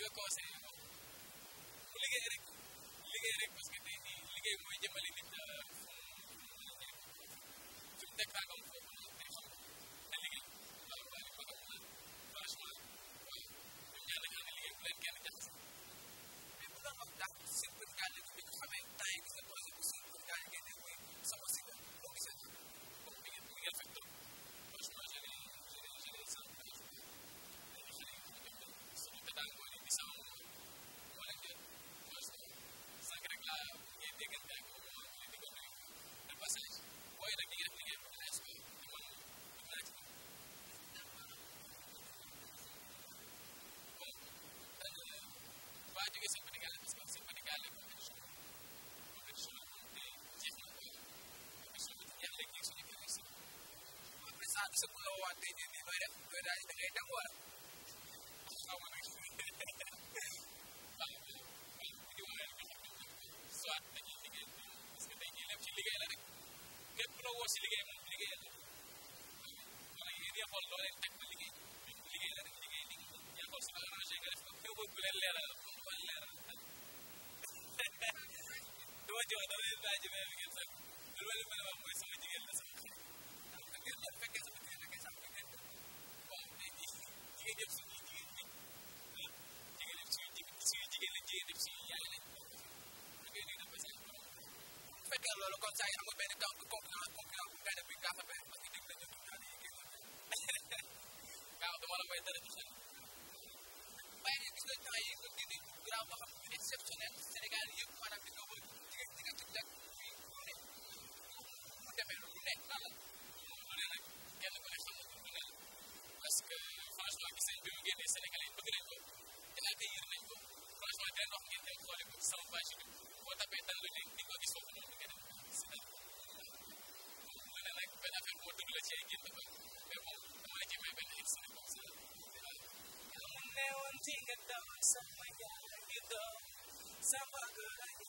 nga conseillé ko mu liggéey rek liggéey rek parce que tey jii liggéey mooy jëmale nit euh, fu mu teg tànkam foofu tey xam te liggéey waaw ba xam naa franchement waaw ñun ñaan nañu liggéey bu leen kenn jaxase mais bu doon wax daal surtout daal li ko sa bu la woowee tey jii nii mooy def mooy daal da ngay dem wala xaw ma nag soit dañuy liggéey parce que dañuy lépp ci liggéey la rek képp ku la woo si liggéey moom liggéey la wala yéen ñee xool loo leen teg ba liggéey liggéey la rek liggéey liggéey yaa xool si la arrangé nga def ko yow boobu leen leeral la moom mooy leeral dama jox dama leen laaj mais ngeen sax lu ma leen mën a wax mooy sama jigéen la def suñuy jigéen ñi jigéen def suñuy jigéen suñuy jigéen lañ jigéen def suñuy yaay lañ bokk da ngay dégg dafa sax loolu bu fekkee loolu comme ça amul benn temps de concurrence concurrence bu benn bi gaa fa benn parce que dégg nañu ñu naan kii waaw dama la may dara ci seen waaye gis nga temps yi nga dégg grave boo xam ne exceptionnel Sénégal yëpp sëñ bi mu génnee Sénégal yi bëgg nañ ko te accueillir nañ ko franchement den wax ngeen dem xoole ko sama page bi boo tapee dal la di nga gis foofu noonu nga dem si dal mu ne nag benn affaire moo dugg la ci ay génn ba mais bon damaa jëmee benn ex ni comme ça mu ne woon ci nga dam sama yàlla gi doom sama gërëm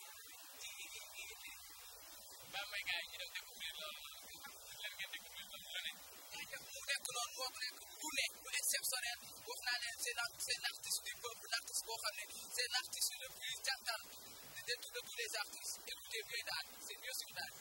ba may gars yi ñu dem découvrir loolu lan ngeen découvrir loolu la ne comprendre ku ne ku exceptionnel wax naa leen c' est du peuple l' artiste boo xam ne c' est l' artiste le de tous les artistes écoutez Mbaye Daal c' mieux sur Daal